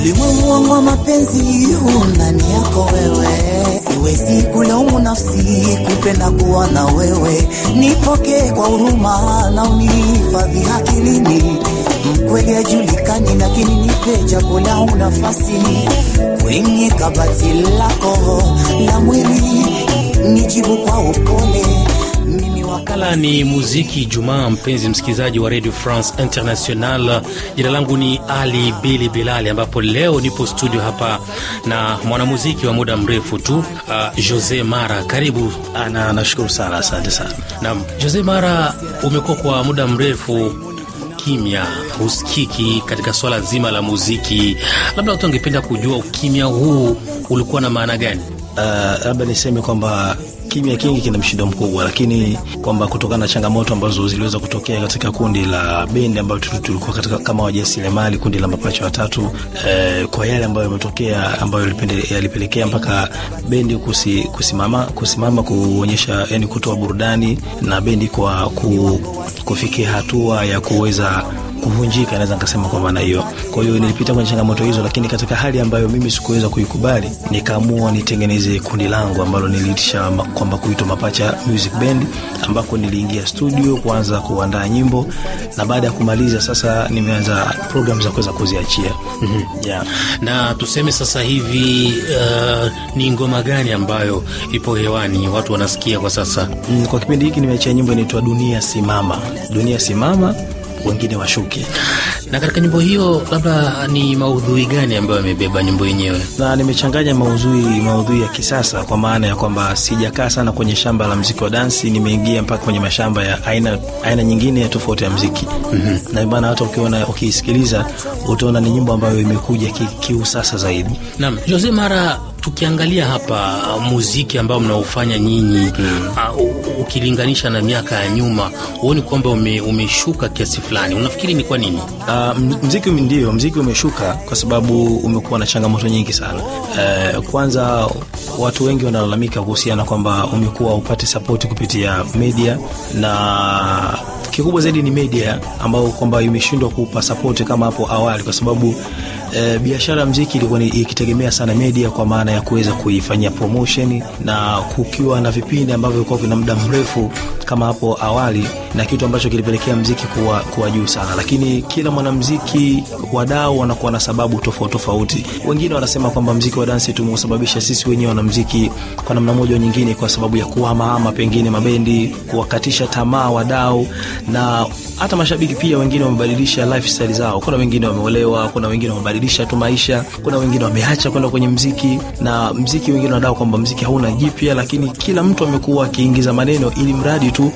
Ulimwengu mapenzi huu ndani yako wewe, siwezi kulaumu nafsi kupenda kuwa na wewe. Nipokee kwa huruma na unihifadhi akilini, mkweli ajulikani, lakini nipe japo lau nafasi kwenye kabati lako la mwili, nijibu kwa upole Makala ni muziki Jumaa, mpenzi msikilizaji wa Radio France International. Jina langu ni Ali Bili Bilali, ambapo leo nipo studio hapa na mwanamuziki wa muda mrefu tu uh, Jose Mara. Karibu. Nashukuru na sana, asante sana. nam Jose Mara, umekuwa kwa muda mrefu kimya, husikiki katika swala zima la muziki. Labda watu wangependa kujua ukimya huu ulikuwa na maana gani? Uh, labda uh, niseme kwamba kimya kingi kina mshindo mkubwa, lakini kwamba kutokana na changamoto ambazo ziliweza kutokea katika kundi la bendi ambayo tulikuwa katika kama wajasiriamali, kundi la mapacha watatu eh, kwa yale ambayo yametokea ambayo yalipelekea mpaka bendi kusi, kusimama kusimama kuonyesha yani kutoa burudani na bendi kwa ku, kufikia hatua ya kuweza kuvunjika, naweza nikasema kwa maana hiyo. Kwa hiyo nilipita kwenye changamoto hizo, lakini katika hali ambayo mimi sikuweza kuikubali, nikaamua nitengeneze kundi langu ambalo niliitisha kwamba kuitwa Mapacha Music Band, ambako niliingia studio kuanza kuandaa nyimbo, na baada ya kumaliza sasa nimeanza program za kuweza kuziachia. mm -hmm. yeah. na tuseme sasa hivi uh, ni ngoma gani ambayo ipo hewani watu wanasikia kwa sasa? Mm, kwa kipindi hiki nimeachia nyimbo inaitwa Dunia Simama. Dunia Simama wengine washuke. Na katika nyimbo hiyo, labda ni maudhui gani ambayo amebeba nyimbo yenyewe? Na nimechanganya maudhui maudhui ya kisasa, kwa maana ya kwamba sijakaa sana kwenye shamba la mziki wa dansi, nimeingia mpaka kwenye mashamba ya aina, aina nyingine ya tofauti ya mziki mm -hmm. na maana hata ukiona ukiisikiliza utaona ni nyimbo ambayo imekuja kiusasa ki zaidi. Naam, Jose Mara tukiangalia hapa uh, muziki ambao mnaofanya nyinyi mm. uh, ukilinganisha na miaka ya nyuma, huoni kwamba ume, umeshuka kiasi fulani? Unafikiri ni kwa nini? Uh, mziki ndio mziki umeshuka kwa sababu umekuwa na changamoto nyingi sana. Uh, kwanza watu wengi wanalalamika kuhusiana kwamba umekuwa upate sapoti kupitia media na kikubwa zaidi ni media ambayo kwamba imeshindwa kuupa sapoti kama hapo awali, kwa sababu E, biashara ya mziki ilikuwa ikitegemea sana media kwa maana ya kuweza kuifanyia promotion na kukiwa na vipindi ambavyo vilikuwa vina muda mrefu kama hapo awali, na kitu ambacho kilipelekea mziki kuwa, kuwa juu sana. Lakini kila mwanamziki, wadau wanakuwa na sababu tofauti tofauti. Wengine wanasema kwamba mziki wa dansi tumeusababisha sisi wenyewe wanamziki kwa namna moja nyingine, kwa sababu ya kuhamahama, pengine mabendi kuwakatisha tamaa wadau na hata mashabiki pia wengine wamebadilisha lifestyle zao. Kuna wengine wameolewa, kuna wengine wamebadilisha tu maisha, kuna wengine wameacha kwenda kwenye mziki na mziki, wengine wanadai kwamba mziki hauna jipya, lakini kila mtu amekuwa akiingiza maneno ili mradi tu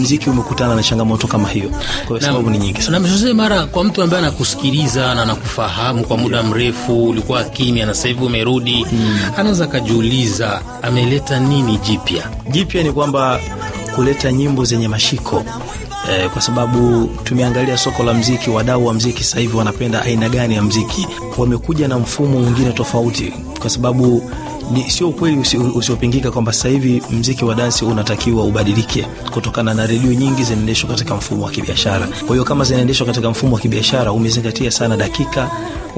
mziki umekutana na changamoto kama hiyo. Kwa sababu ni nyingi sana. Na mara kwa mtu ambaye anakusikiliza na anakufahamu kwa muda mrefu, ulikuwa kimya na sasa hivi umerudi, hmm, anaweza akajiuliza ameleta nini jipya? Jipya ni kwamba kuleta nyimbo zenye mashiko eh, kwa sababu tumeangalia soko la mziki, wadau wa mziki sasa hivi wanapenda aina gani ya mziki, wamekuja na mfumo mwingine tofauti, kwa sababu ni sio ukweli usiopingika kwamba sasa hivi mziki wa dansi unatakiwa ubadilike kutokana na redio nyingi zinaendeshwa katika mfumo wa kibiashara. Kwa hiyo kama zinaendeshwa katika mfumo wa kibiashara, umezingatia sana dakika,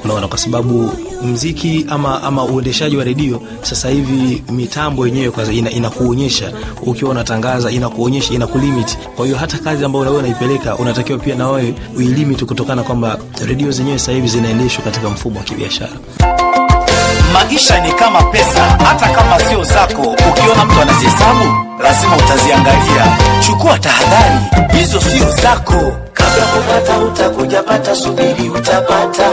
unaona, kwa sababu mziki ama, ama uendeshaji wa redio sasa hivi mitambo yenyewe ina, inakuonyesha ukiwa unatangaza, inakuonyesha kulimit Kwa hiyo hata kazi ambayo wewe unaipeleka unatakiwa pia na wewe uilimit kutokana kwamba redio zenyewe sasa hivi zinaendeshwa katika mfumo wa kibiashara. Maisha ni kama pesa, hata kama sio zako, ukiona mtu anazihesabu lazima utaziangalia. Chukua tahadhari, hizo sio zako. Kabla kupata utakuja pata, subiri utapata.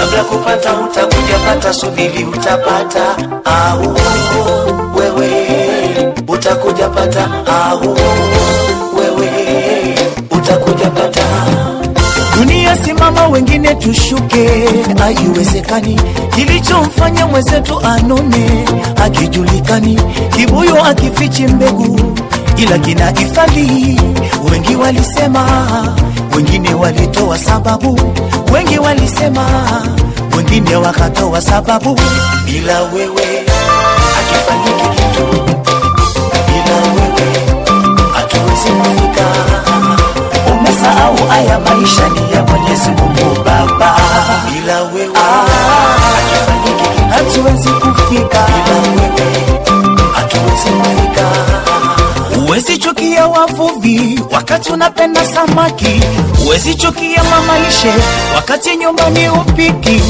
Kabla kupata utakuja pata, subiri utapata. Au wewe utakuja pata, au wewe kama wengine tushuke, haiwezekani. Kilichomfanya mwenzetu anone hakijulikani, kibuyo akifichi mbegu, ila kina hifadhi. Wengi walisema, wengine walitoa sababu, wengi walisema, wengine wakatoa sababu, bila wewe akifanyiki au haya maisha ni ya Mwenyezi Mungu Baba, bila wewe hatuwezi kufika, bila wewe hatuwezi kufika. Uwezi chukia wavuvi wakati unapenda samaki, uwezi chukia mama lishe wakati nyumbani upiki.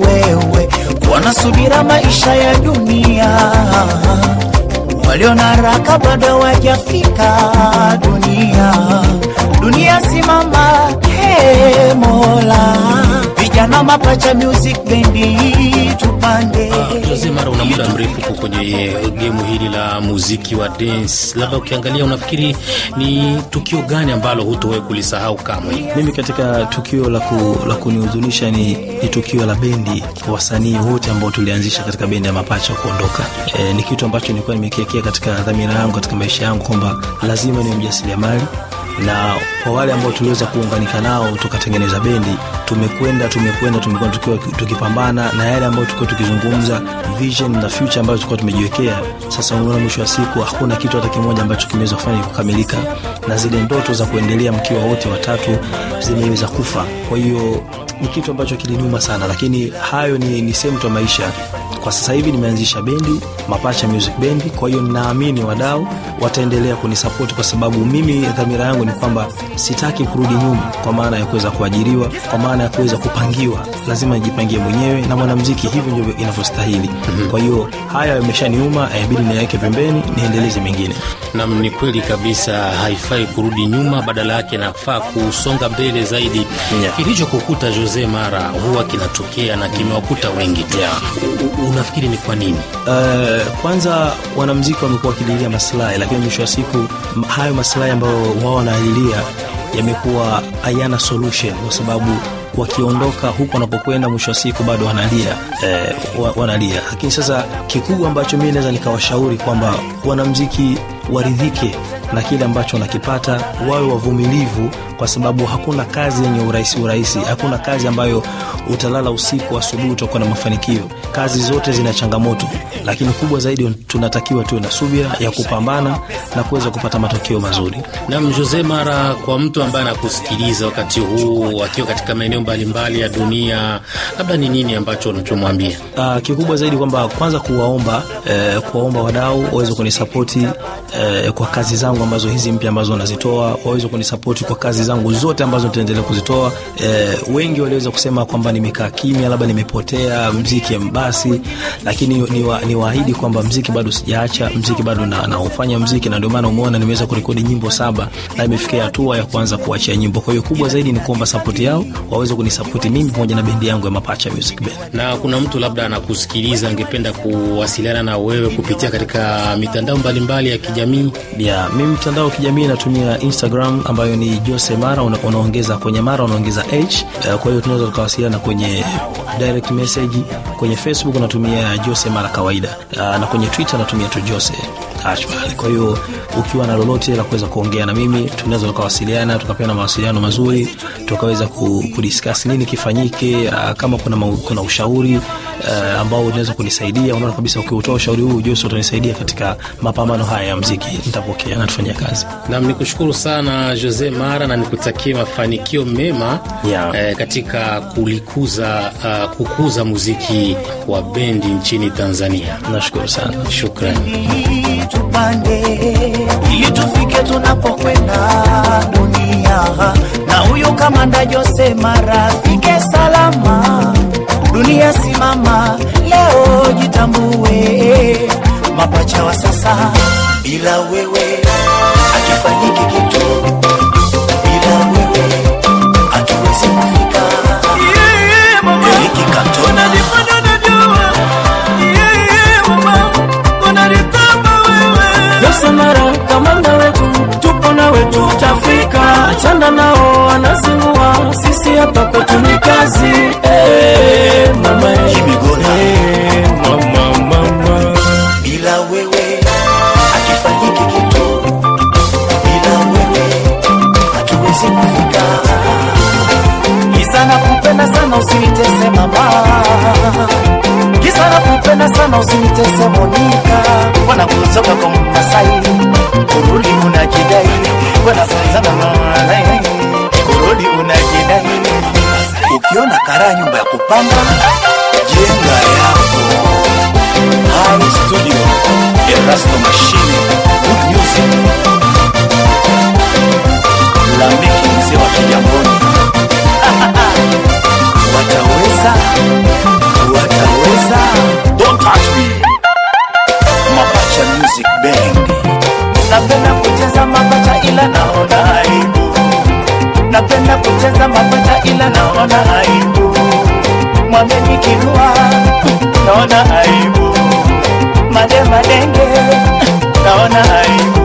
Wewe kuwa na subira maisha ya dunia walio na raka bado wajafika dunia. Dunia, simama, he Mola. Vijana mapacha Music bendi tupande. Ah, Mara, una muda mrefu kwenye eh, gemu hili la muziki wa dance, labda ukiangalia, unafikiri ni tukio gani ambalo hutowe kulisahau kamwe? Mimi katika tukio la ku, la kunihuzunisha ni, ni tukio la bendi, wasanii wote ambao tulianzisha katika bendi ya Mapacha kuondoka. E, ni kitu ambacho nilikuwa nimekiekea katika dhamira yangu katika maisha yangu kwamba lazima niwe mjasiriamali na kwa wale ambao tuliweza kuunganika nao tukatengeneza bendi, tumekwenda tumekwenda tumekuwa tukiwa tukipambana na yale ambayo tulikuwa tukizungumza, vision na future ambayo tulikuwa tumejiwekea. Sasa unaona, mwisho wa siku hakuna kitu hata kimoja ambacho kimeweza kufanya kukamilika, na zile ndoto za kuendelea mkiwa wote watatu zimeweza kufa. Kwa hiyo ni kitu ambacho kilinuma sana, lakini hayo ni, ni sehemu tu ya maisha. Kwa sasa hivi nimeanzisha bendi Mapacha Music Bendi, kwa hiyo ninaamini wadau wataendelea kunisapoti kwa sababu mimi dhamira yangu ni kwamba sitaki kurudi nyuma, kwa maana ya kuweza kuajiriwa, kwa maana ya kuweza kupangiwa. Lazima nijipangie mwenyewe na mwanamziki hivyo ndivyo inavyostahili. Mhm. Kwa hiyo haya yameshaniuma, ayabidi niyaweke pembeni niendeleze mengine. Nam, ni kweli kabisa, haifai kurudi nyuma, badala yake nafaa kusonga mbele zaidi. Yeah. Kilichokukuta Jose mara huwa kinatokea na kimewakuta wengi tu. Yeah. Unafikiri ni kwa nini? Uh, kwanza wanamziki wamekuwa wakililia masilahi, lakini mwisho wa siku hayo masilahi ambayo wao wanaalilia yamekuwa hayana solution kwa sababu wakiondoka huko wanapokwenda, mwisho wa siku bado wanalia eh, wanalia. Lakini sasa kikubwa ambacho mimi naweza nikawashauri kwamba wanamziki waridhike. na kile ambacho wanakipata, wawe wavumilivu, kwa sababu hakuna kazi yenye urahisi urahisi. Hakuna kazi ambayo utalala usiku, asubuhi utakuwa na mafanikio. Kazi zote zina changamoto, lakini kubwa zaidi tunatakiwa tuwe na subira ya kupambana na kuweza kupata matokeo mazuri. Nam Jose Mara, kwa mtu ambaye anakusikiliza wakati huu akiwa katika maeneo mbalimbali ya dunia, labda ni nini ambacho unachomwambia? Uh, kikubwa zaidi kwamba kwanza kuwaomba eh, kuwaomba wadau waweze kunisapoti eh, kwa kazi zangu zangu ambazo hizi mpya ambazo nazitoa, waweze kunisapoti kwa kazi zangu zote ambazo nitaendelea kuzitoa. E, wengi waliweza kusema kwamba nimekaa kimya, labda nimepotea mziki basi, lakini niwaahidi ni kwamba mziki bado sijaacha, mziki bado naufanya na mziki, na ndio maana umeona nimeweza kurekodi nyimbo saba na imefikia hatua ya kuanza kuachia nyimbo. Kwa hiyo kubwa zaidi ni kuomba sapoti yao, waweze kunisapoti mimi pamoja na bendi yangu ya Mapacha Music Band. Na kuna mtu labda anakusikiliza, angependa kuwasiliana na wewe kupitia katika mitandao mbalimbali mbali ya kijamii ya mimi mtandao wa kijamii natumia Instagram ambayo ni Jose Mara, unaongeza kwenye Mara unaongeza H. Eh, kwa hiyo tunaweza tukawasiliana kwenye direct message. Kwenye Facebook natumia Jose Mara kawaida, ah, na kwenye Twitter natumia tu Jose. Ashbal. Kwa hiyo ukiwa na lolote la kuweza kuongea na mimi, tunaweza tukawasiliana, tukapeana mawasiliano mazuri, tukaweza kudiscuss nini kifanyike. Ah, kama kuna, ma, kuna ushauri uh, ambao unaweza kunisaidia, unaona kabisa ukiutoa ushauri huu Jose utanisaidia katika mapambano haya ya mziki, nitapokea na tufanyia kazi. Nam nikushukuru sana Jose Mara na nikutakie mafanikio mema yeah. Eh, katika kulikuza uh, kukuza muziki wa bendi nchini Tanzania. Nashukuru sana, shukrani tupande ili tufike tunapokwenda dunia, na huyu kamanda Jose Mara fike salama. Dunia simama, leo jitambue, mapacha wa sasa bila wewe akifanyiki kitu Samara kama mda wetu, tupo na wetu tafika. Achana nao wanazingua, sisi hapa kwetu ni kazi. Eh, mama eh, mama mama, bila wewe akifanyiki kitu, bila wewe hatuwezi kufika. nakupenda sana, usinitese mama sana kupenda sana, usinitese Monika, wana kuzoka kwa Mmasai, kurudi unajidai, wanafanzana malai, kurudi unajidai. Ukiona karaa nyumba ya kupamba, jenga yako kucheza mapacha ila naona aibu, napenda kucheza mapacha ila naona aibu, mwameni kirua naona aibu, made madenge naona aibu